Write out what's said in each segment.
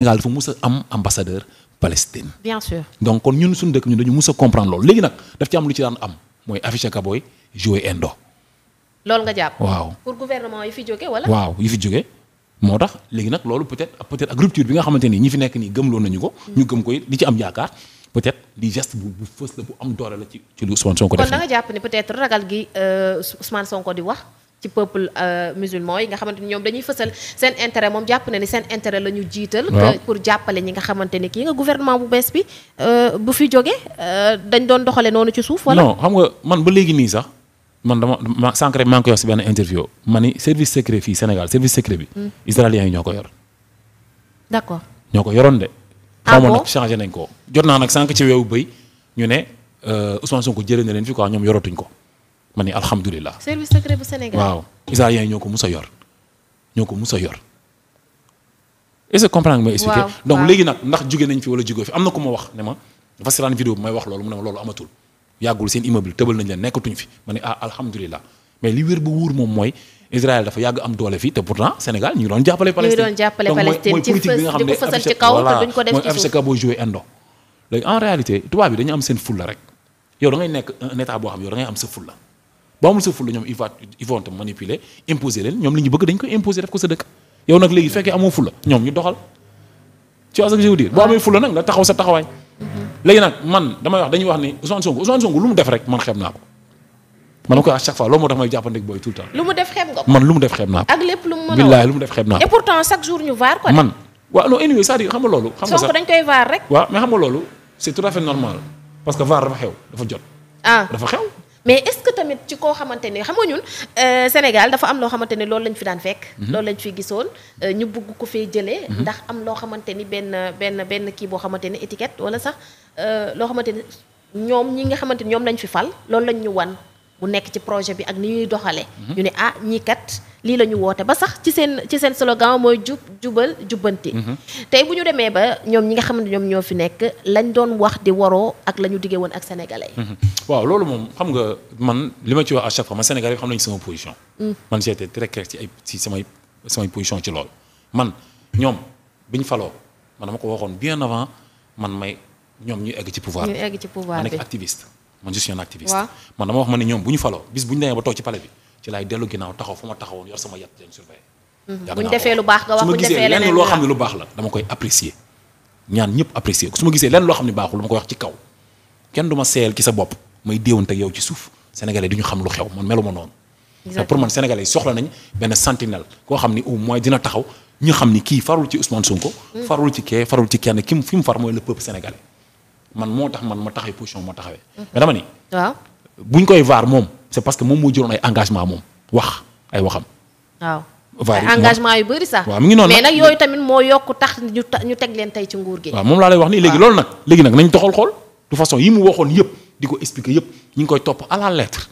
Sénégal fu mus a am ambassadeur Palestine. donc kon ñun suñu dëkk ñun dañu mus a comprendre loolu léegi nag daf ci am lu ci daan am mooy affiche kabooy jouer indo. loolu nga jàpp. waaw pour gouvernement yi fi jóge wala. waaw yi fi jóge moo tax léegi nag loolu peut-être peut-être ak rupture bi nga xamante ni ñi fi nekk nii gëmloo nañu ko. Hmm. ñu gëm ko am yaakaar peut-être di geste bu bu doole la ci ci lu Ousmane Sonko def. kon da nga jàpp ni peut-être ragal gi euh, Ousmane Sonko di wax. ci peuple euh, musulman yi nga xamante ni ñoom dañuy fësal seen intérêt moom jàpp na ni seen intérêt la ñu jiital. Euh, pour jàppale ñi nga xamante ni kii nga gouvernement bu bees bi euh, bu fi jógee dañ doon doxale noonu ci suuf. wala non xam nga man ba léegi nii sax man dama ma rek maa ngi koy wax si benn interview ma ni service secret fii Sénégal service secret bi. Hmm. israéliens yi ñoo ko yor. d' accord ñoo ko yoroon de. Ah xaw ma nag changé nañ ko. jot naa nag sànq ci weewu bëy ñu ne Ousmane Sonko jëlee na leen fi quoi ñoom yoratuñ ko. ma ni alhamdulilah. service secret bu waaw. israéliens yi ñoo ko mus a yor ñoo ko mus a yor est-ce que comprendre nga ma expliqué. fi wala jóge fi am na wax ne ma wax loolu mu ne ma loolu amatul yàggul nekkatuñ fi ma ne ah alhamdulilah mais li wér bu moom mooy. Israël dafa yàgg am doole fii te pourtant Sénégal ñu ngi doon jàppale Palestine ñu ngi en réalité tubaab bi dañu am seen fulla rek yow da ngay nekk un état boo xam yow da ngay am sa fulla boo amul sa fulla ñoom ils vont ils vont li ñu bëgg dañ koy imposer ko sa dëkk yow nag léegi fekkee amoo fulla ñoom ñu doxal tu boo amee fulla nag nga taxaw sa taxawaay léegi nag man damay wax dañuy wax ni Ousmane Sonko Ousmane Sonko lu mu def rek man xeeb naa ko man ko à chaque fois loolu moo tax may jàppandik booy tout le lu mu def xeeb nga ko man lu mu def xeeb naa ko ak a billaahi lu mu def xeeb naa ko et pourtant chaque jour ñu vaar ko man waaw non anyway c'est-à-dire xam nga loolu xam nga sax dañ koy vaar rek waaw mais xam nga loolu c'est tout à fait normal parce que vaar dafa xew dafa jot ah dafa xew mais est-ce que tamit ci koo xamante ne xam nga ñun euh, Sénégal dafa am loo xamante ne loolu lañ fi daan fekk. Mhm. loolu lañ fi gisoon euh, ñu bugg ko fee jëlee. Mhm. ndax am loo xamante ni benn benn benn kii boo xamante ne étiquette wala sax euh, loo xamante ni ñoom ñi nga xamante ni ñoom lañu fi fal loolu lañ ñu wan mu nekk ci projet bi ak ni ñuy doxalee. Mhm. ñu ne ah ñii kat. lii la ñu woote ba sax ci seen ci seen slogan mooy jub jubal jubbanti. Mhm. tey bu ñu demee ba ñoom ñi nga xam ne ñoom ñoo fi nekk lañ doon wax di waroo ak la ñu diggee woon ak sénégalais. Mhm. waaw loolu moom xam nga man li ma ci wax à chaque fois man sénégalais xam sama position. Mm. man j' étais très clair ci ay ci samay samay ci loolu man ñoom bi ñu faloo man dama ko waxoon bien avant man may ñoom ñu egg ci pouvoir bi. ci pouvoir bi man nekk activiste man je suis un activiste. man dama wax ma ne ñoom bu ñu faloo bis bu ñu demee ba toog ci palais bi. ci laay dellu ginnaaw taxaw fu ma taxawoon yor sama yat leen surveiller. Mhm. bu ñu defee lu baax nga wax bu defee xam ne lu baax la dama koy apprécier ñaan ñëpp apprécier ko su ma gisee lenn loo xam ne baaxul dama koy wax ci kaw kenn du ma seeyal ci sa bopp may déewante ak yow ci suuf sénégalais du ñu xam lu xew man meluma noonu. exactement pour man sénégalais soxla nañ benn sentinelle koo xam ni au moins dina taxaw ñu xam ni kii farul ci Ousmane Sonko. Mm. farul ci kee farul ci kenn ki fi mu far mooy le peuple sénégalais man moo tax man ma taxawee position ma taxawee. Mm-hmm. mais dama ni. waaw koy vaar moom c'est parce que moom moo jëloon ay engagement moom wax ay waxam. waaw ay engagement yu bëri sax. waaw mi ngi noonu mais nag yooyu tamit moo yokk tax ñu ñu teg leen tey ci nguur gi. waaw moom laa lay wax nii léegi lool nag. léegi nag nañ doxal xool de façon yi mu waxoon yëpp di ko expliquer yëpp ñu ngi koy topp à la lettre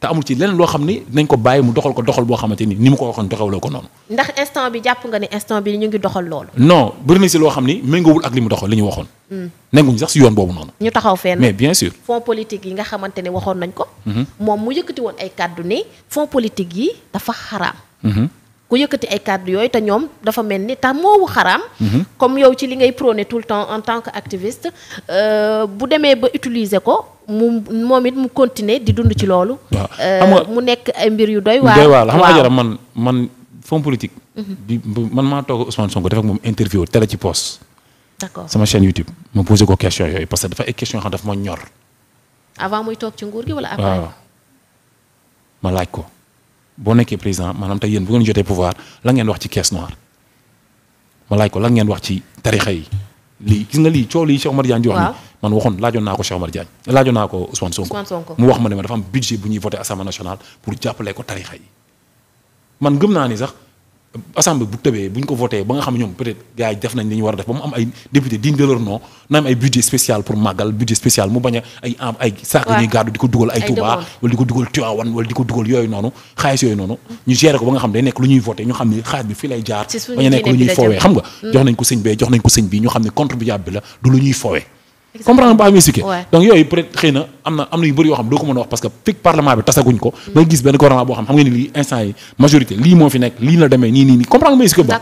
te amul ci leneen loo xam ni nañ ko bàyyi mu doxal ko doxal boo xamante ni ni mu ko waxoon doxaloo ko noonu. ndax instant bi jàpp nga ni instant bi ñu ngi doxal loolu. non bëri si loo xam ni méngoowul ak li mu doxal li ñu waxoon. Hmm. nanguñ sax si yoon boobu noonu. ñu taxaw fenn mais fonds politique yi nga xamante ne waxoon nañ ko. Hmm. moom mu yëkkati woon ay kàddu ne fonds politique yi dafa xaraam. Hmm. ku yëkkati ay kàddu yooyu te ñoom dafa mel ni tax moowu xaraam. Mhm. comme yow ci li ngay prone tout le temps en tant que activiste euh, bu demee ba utiliser ko mu moom it mu continuer di dund ci loolu. Euh, mu nekk ay mbir yu doy. waa waaw xam nga man man fond politique. Mhm. bi man maa toog Ousmane Sonko def ak moom interview télé ci poste. d'accord sama chaîne YouTube ma posé ko question yooyu parce que dafa ay question yoo xam daf ma ñor. avant muy toog ci nguur gi wala après. laaj ko. boo nekkee président maanaam tey yéen bu ngeen jotee pouvoir la ngeen wax ci caisse noire ma laaj ko langeen wax ci tarixa yi lii gis nga lii coow lii Cheikh Omar Diagne di wax man waxoon laajoon naa ko Cheikh Omar Diagne laajoon naa ko Ousmane Sonko mu wax ma ne ma dafa am budget bu ñuy voté assemblée nationale pour jàppale ko tarixa yi man gëm naa ni sax assemblée bu tëbee bu ñu ko voté ba nga xam ñoom peut-être def nañ li war a def ba mu am ay député digne de leur nom ay budget spécial pour màggal budget spécial mu bañ a ay ay saak ñuy gàddu di ko dugal ay Touba wala di ko dugal Tivaouane wala di ko dugal yooyu noonu xaalis yooyu noonu ñu géré ko ba nga xam day nekk lu ñuy voté ñu xam ne xaalis bi fii lay jaar bañ a nekk lu ñuy foowee xam nga mm. jox nañ ko sëñ bi ñu xam ne contribuable bi la comprendre ba am expliqué donc yooyu peut être xëy na am na am na yu bëri yoo xam doo ko mën a wax parce que fig parlement bi tasaguñ ko da nga gis benn gouvernement boo xam nga ni lii instant yi majorité lii moo fi nekk lii la demee nii nii nii comprendre ba expliqué bon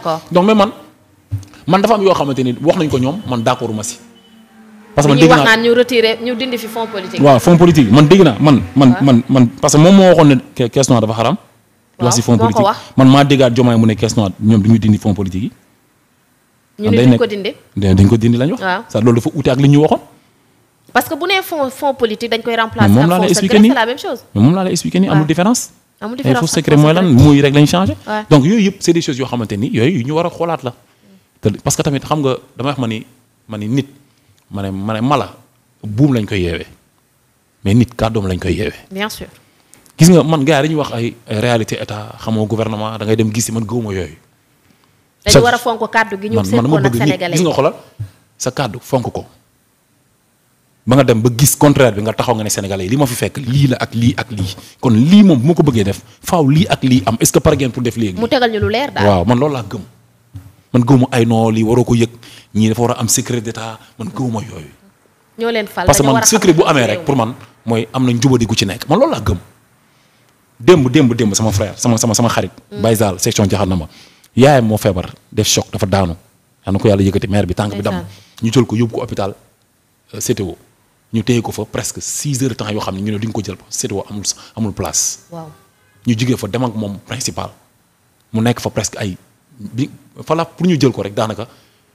ma si parce que man dégg fonds politique. man dégg naa man. man man moom moo waxoon ne caisse dafa xaram. wax si fonds politique man maa déggaat jomaay mu ne caisse noire ñoom du ñu dindi fonds politique yi. ñu ne ah, ko dindi dañ ko dindi lañ wax. waaw sax loolu dafa ñu waxoon. parce que bu nee fond fond politique koy remplacer. moom laa lay expliquer nii c'est la même chose. moom laa lay expliquer nii amul différence. donc yooyu yëpp c'est des choses yoo xamante ni yooyu ñu war a xoolaat la. parce que tamit xam nga dama wax ma ni ma ni nit ma ne ma ne mala buum lañ koy yeewee mais nit kàddoom lañ koy yeewee. bien gis nga man gars yi dañuy wax ay réalité état xamoo gouvernement da ngay dem gis man gëwuma yooyu dañu war a fonk kàddu gi ñu seqoon ak sénégalais gis nga xoolal sa kàddu fonk ko ba nga dem ba gis contraire bi nga taxaw nga ne sénégalais yi li ma fi fekk lii la ak lii ak lii kon lii moom bu ma ko bëggee def faaw lii ak lii am est-ce que pare ngeen pour def léegi. mu tegal ñu lu waaw man loolu laa gëm. man gëwuma ay noo lii waroo ko yëg ñii dafa war a am secret d'état man gëwuma yooyu. ñoo leen fal parce que man secret bu amee rek pour man mooy am na njubadi gu ci nekk man loolu laa gëm. démb démb démb sama frère sama sama sama xarit. Mm. Baye Zal section jaxar na ma yaayam moo feebar def choc dafa daanu yaa na ko yàlla yëkkati mère bi tànk bi dam ñu jël ko yóbbu ko hôpital euh, CTO ñu téye ko fa presque six heures temps yoo xam ne ñu ne duñ ko jël CTO amul amul place. waaw ñu jigee fa dem ak moom principal mu nekk fa presque ay bi fa pour ñu jël ko rek daanaka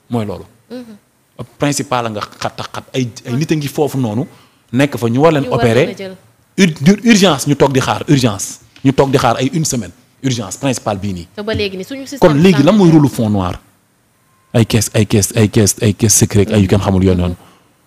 mooy loolu. Mm-hmm. la nga xat ay ay nit a ngi foofu noonu nekk fa ñu war leen opérer urgence ñu toog di xaar urgence ñu toog di xaar ay une semaine. urgence principale bii nii. kon léegi lan mooy rôle fond noir. ay caisse ay caisse secret yu kenn xamul yoon noonu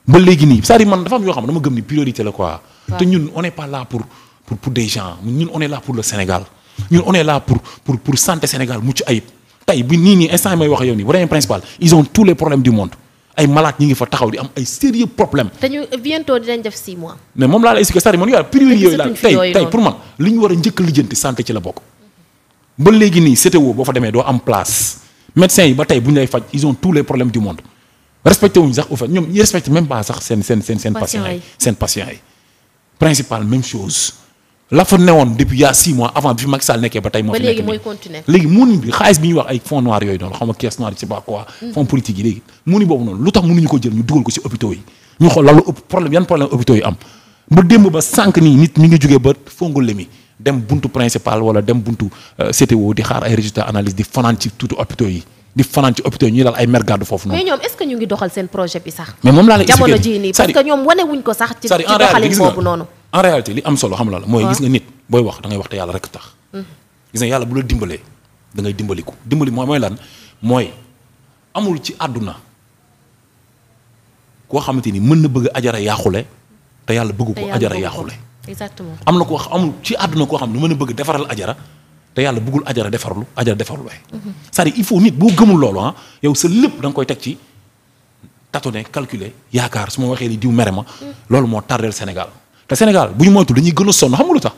ba léegi nii cest man dafa am yoo xam dama gëm ni priorité la quoi. te ñun on est pas là pour pour pour des gens ñun on est là pour le Sénégal ñun on est là pour pour pour santé Sénégal mucc ayib tey bi nii nii instant yi wax yow nii vraiment principal ils ont tous les problèmes du monde. ay malade ñi ngi fa taxaw di am ay sérieux problème te ñu bientôt dinañ def 6 mois. mais moom laa la expliqué cest ba léegi nii CTO boo fa demee doo am place médecins yi ba tey bu ñu lay faj ils ont tous les problèmes du monde respecté wuñ sax au ñoom ils respectent même pas sax seen seen seen seen patients yi seen patients yi principal même chose la fa newoon depuis y a six mois avant bi fi Macky Sall nekkee ba tey moo fi nekk léegi mooy continuer léegi munuñ bi xaalis bi ñuy wax ay fonds noirs yooyu noonu xam nga caisse noire je sais pas quoi mm. fonds politique yi léegi muni boobu noonu lu tax mënuñu ko jël ñu dugal ko ci hôpitaux yi ñu xool lalu problème yan problème hôpitaux yi mi dem buntu principal wala dem buntu euh, CTO di xaar ay résultats analyse di fanaan ci tuuti hôpitaux yi di fanaan ci hôpitaux yi ñuy daal ay mergadu foofu noonu. mais ñoom est-ce que ñu ngi doxal seen projet bi sax. en réalité li am solo xam la la mooy ah. gis nga nit booy wax da ngay wax te yàlla rek tax. Hmm. yàlla bu la dimbalee da ngay dimbaliku dimbali mooy lan mooy amul ci àdduna koo xamante ni mën na bëgg ajara yàqule te yàlla bëgg ko ajara yaaxule exactement am na ko amul ci àdduna koo xam ne mën a bëgg defaral ajara te yàlla buggul ajara defarlu ajara defarlu we mhm. c'est-à-dire il faut nit boo gëmul loolu ah yow sa lépp danga koy teg ci tâtonner calculer yaakaar su ma waxee li diw mere ma mm. loolu moo tardeel Sénégal te Sénégal bu ñu moytu dañuy gën a sonn xam nga lu tax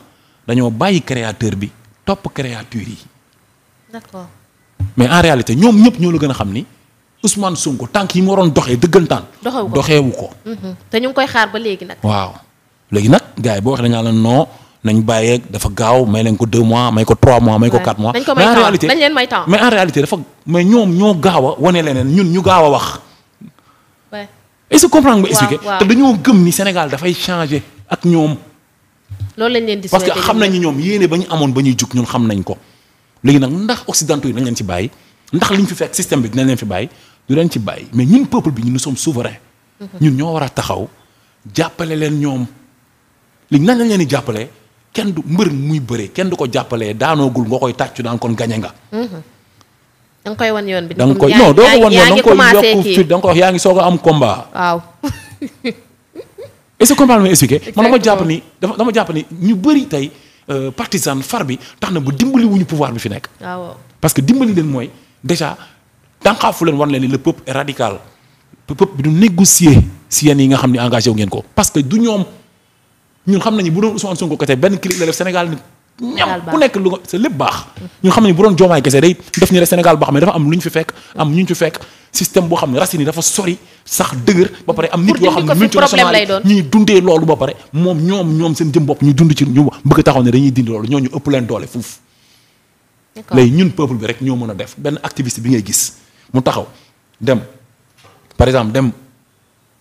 dañoo bàyyi créateur bi topp créature yi d'accord mais en réalité ñoom ñëpp ñoo la gën a xam ni Ousmane Sonko tànk yi mu waroon doxee dëggantaan doxewu ko doxewu ko mhm. koy xaar ba léegi nag waaw léegi nag gars yi boo waxee dañaa la non nañ bàyyee dafa gaaw may leen ko deux mois may ko trois mois may ko quatre mois. dañ ko may temps dañ leen may temps mais en réalité dafa ñoom ñoo gaaw a wane leneen ñun ñu gaaw a wax. est-ce que comprendre te dañoo gëm ni Sénégal dafay changer ak ñoom. loolu lañ leen di parce que xam nañu ñoom yéene ba ñu amoon ba ñuy jug ñun xam nañ ko léegi nag ndax occidentaux yi nañ leen ci bàyyi ndax liñ fi fekk système bi dinañ leen fi bàyyi du leen ci bàyyi mais ñun peuple bi ñun nous sommes souverains. Mm-hmm. ñun ñoo war a taxaw jàppale leen ñoom léegi nan lañ leen di jàppalee kenn du mbër muy bëre kenn du ko jàppale daanoogul nga koy tàccu daan kon gañe nga. Mhm. da nga koy wan yoon bi. da koy non doo ko wan yoon yaa ngi soo a am combat. waaw. est-ce que combat ma expliqué. jàpp ni dama jàpp ni ñu bari tey euh, partisan far bi tax na bu dimbaliwuñu wuñu pouvoir bi fi nekk. Ah, waaw parce que dimbali leen mooy déjà dànqaafu leen wan leen ni le peuple est radical. peuple bi du négocier si yenn yi nga xam ne engagé wu ngeen ko parce que du ñoom. ñun xam nañu bu doon Ousmane Sonko kese benn clic la def Sénégal ni ñam ku nekk lu sa lépp baax ñun xam nañu bu doon Diomaye kese day def ni rek Sénégal baax mais dafa am lu ñu fi fekk am ñu ñu fi fekk système boo xam ne racine yi dafa sori sax dëgër ba pare am nit yoo xam ne multinational ñuy dundee loolu ba pare moom ñoom ñoom seen jëm ñu dund ci ñu bëgg taxaw ne dañuy dindi loolu ñoo ñu ëpp leen doole fuuf lay ñun peuple bi rek ñoo mën a def benn activiste bi ngay gis mu taxaw dem par exemple dem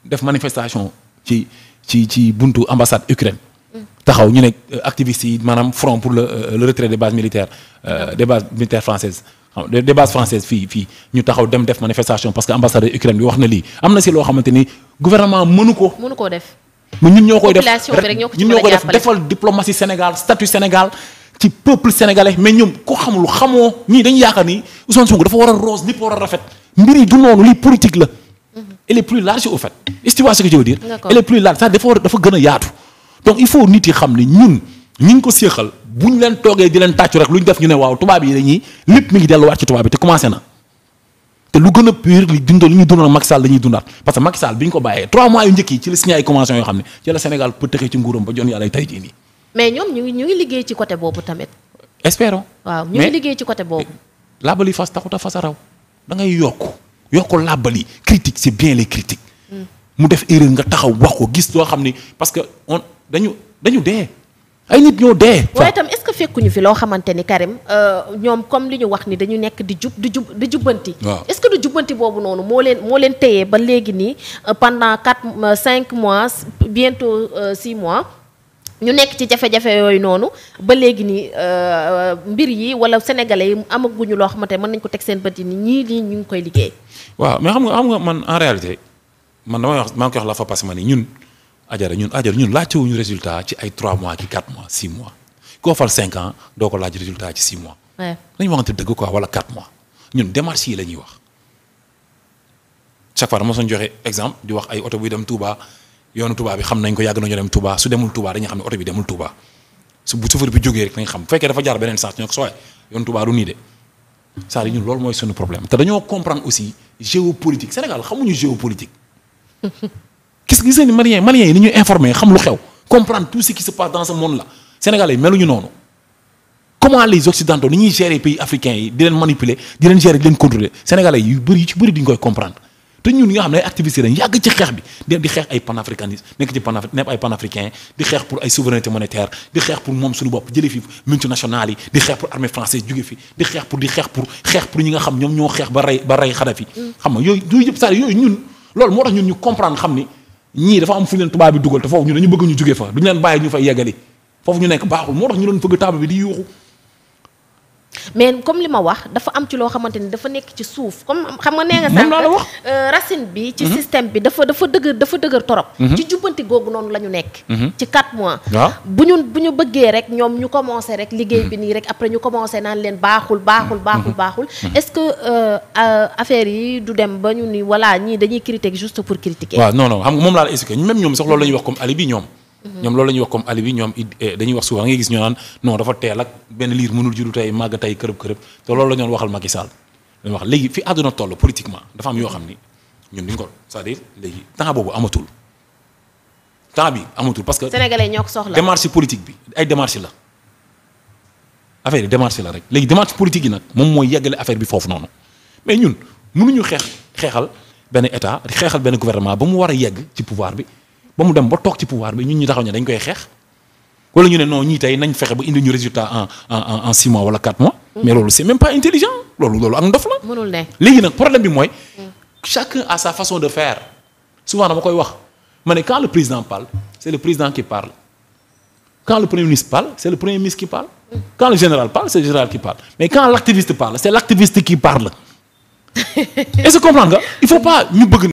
def manifestation ci ci ci buntu ambassade Ukraine. taxaw ñu ne euh, activistes yi maanaam front pour le euh, le retrait des bases militaires euh, françaises fii fii ñu taxaw dem def manifestation parce que ambassade Ukraine bi wax na lii am na si loo xamante ni gouvernement mënu ko. mënu koo def. mais ñun ñoo koy def ñun ñoo koy def defal diplomatie Sénégal statut Sénégal ci peuple sénégalais mais ñoom ko xamul xamoo ñii dañu yaakaar ni Ousmane Sonko dafa war a rose lépp war a rafet mbir du noonu lii politique la. elle est plus large au fait est plus large sax dafa dafa gën a yaatu. donc il faut nit yi xam ne ñun ñu ngi ko séexal bu ñu leen toogee di leen tàccu rek lu ñu def ñu ne waaw tubaab yi dañuy lépp mi ngi delluwaat ci tubaab yi te commencé na. te lu gën a pire li dundal li ñu dundal Macky Sall dañuy dundaat parce que Macky Sall bi ñu ko bàyyee 3 mois yu njëkk yi ci la signé ay yoo xam ne ci la Sénégal peut tëxee ci nguuram ba jon yàlla tey jii nii. mais ñoom ñu ngi liggéey ci côté boobu tamit. espérons. waaw ñu ngi liggéey ci côté a fas yoo ko làbbali critique c'est bien les critiques mu def erreur nga taxaw wax ko gis loo xam ni parce que on dañu dañu dee ay nit ñoo dee. waaye itam est fekkuñu fi loo xamante ni Karim euh, ñoom comme li ñu wax ni dañu nekk di jub di jub di jubbanti. waaw est-ce que jubbanti boobu noonu moo leen moo leen téye ba léegi nii euh, pendant quatre euh, cinq mois bientôt six mois. ñu nekk ci jafe-jafe yooyu noonu ba léegi ni euh, euh, mbir yi wala sénégalais yi amaguñu loo xamante mën nañ ko teg seen bët yi ni ñii lii ñu ngi koy liggéey. waaw mais xam nga xam nga man en réalité man damay wax maa ngi koy wax la fa parce que ma ñun ajara ñun ajara ñun laajtewuñu résultat ci ay 3 mois ci 4 mois 6 mois koo fal 5 ans doo ko laaj résultat ci 6 mois. waaw dañu waxante dëgg quoi wala 4 mois ñun démarches yi la ñuy wax chaque fois dama soon joxe exemple di wax ay oto buy dem Touba yoonu Touba bi xam nañ ko yàgg nañu dem Touba su demul Touba dañuy xam ne oto bi demul Touba su bu chauffeur bi jógee rek dañ xam fekkee dafa jaar beneen sens ñoo ko sooy yoonu Touba du nii de cest loolu mooy suñu problème te dañoo comprendre aussi géopolitique Sénégal xamuñu géopolitique. gis gis ni malien malien yi ni ñuy informé xam lu xew comprendre tout ce qui se passe dans ce monde là Sénégalais yi meluñu noonu comment les occidentaux ni ñuy gérer pays africains yi di leen manipuler di leen gérer di leen contrôler Sénégalais yu bëri yu ci bëri duñ koy comprendre. te ñun ñoo xam ne ay activistes yàgg ci xeex bi dem di xeex ay panafricanisme nekk ci panafri di xeex pour ay souveraineté monétaire di xeex pour moom suñu bopp jëlee fi multinationales yi di xeex pour armée française jóge fi di xeex pour xeex pour ñi nga xam ñoom ñoo xeex ba rey ba rey xam nga yooyu yooyu yëpp saa yooyu ñun loolu moo tax ñun ñu comprendre xam ni ñii dafa am fu ñu nekk baaxul moo tax ñu doon fëgg table bi di yuuxu mais comme li ma wax dafa am ci loo xamante ni dafa nekk ci suuf comme xam nga nee nga sànq euh, racine bi ci mhm. système bi dafa dafa dëgër dafa dëgër torop mhm. ci jubbanti googu noonu la ñu nekk mhm. ci 4 mois bu ñu bu ñu bëggee rek ñoom ñu commencé rek liggéey bi nii rek après ñu commencé naan leen baaxul baaxul baaxul baaxul est-ce que euh, euh, affaire yi du dem ba ñu ni voilà ñii dañuy critiquer juste pour critiquer waaw non non xam nga moom laa la expliqué même ñoom sax loolu ñoom Mhm. ñoom loolu la ñuy wax comme bi ñoom eh, dañuy wax a ngay gis ñu naan non dafa teel ak benn liir mënul juddu tey màgg tey kërëb kërëb te loolu la ñoon waxal Macky Sall dañ wax léegi fi àdduna toll politiquement dafa am yoo xam ni ñun duñ ko c'est-à-dire léegi temps boobu amatul temps bi amatul parce que sénégalais ñoo ko soxla démarche politique bi ay démarche la affaire yi démarche la rek léegi démarche politique yi nag moom mooy yeggale affaire bi foofu noonu mais ñun mënuñu xeex xeexal benn état xeexal benn gouvernement ba mu war a yegg ci pouvoir bi ba mu dem ba toog ci pouvoir bi ñun ñu taxaw ne dañ koy xeex wala ñu ne non ñii tey nañ fexe ba indi ñu résultat en en en six mois quatre mois. Mm-hmm. mais loolu c'est même pas intelligent loolu loolu ak ndof la. léegi nag problème bi mooy. Mm. chacun a sa façon de faire souvent dama koy wax ma ne quand le président parle c'est le président qui parle quand le premier ministre parle c'est le premier ministre qui parle. Mm. quand le général parle c'est le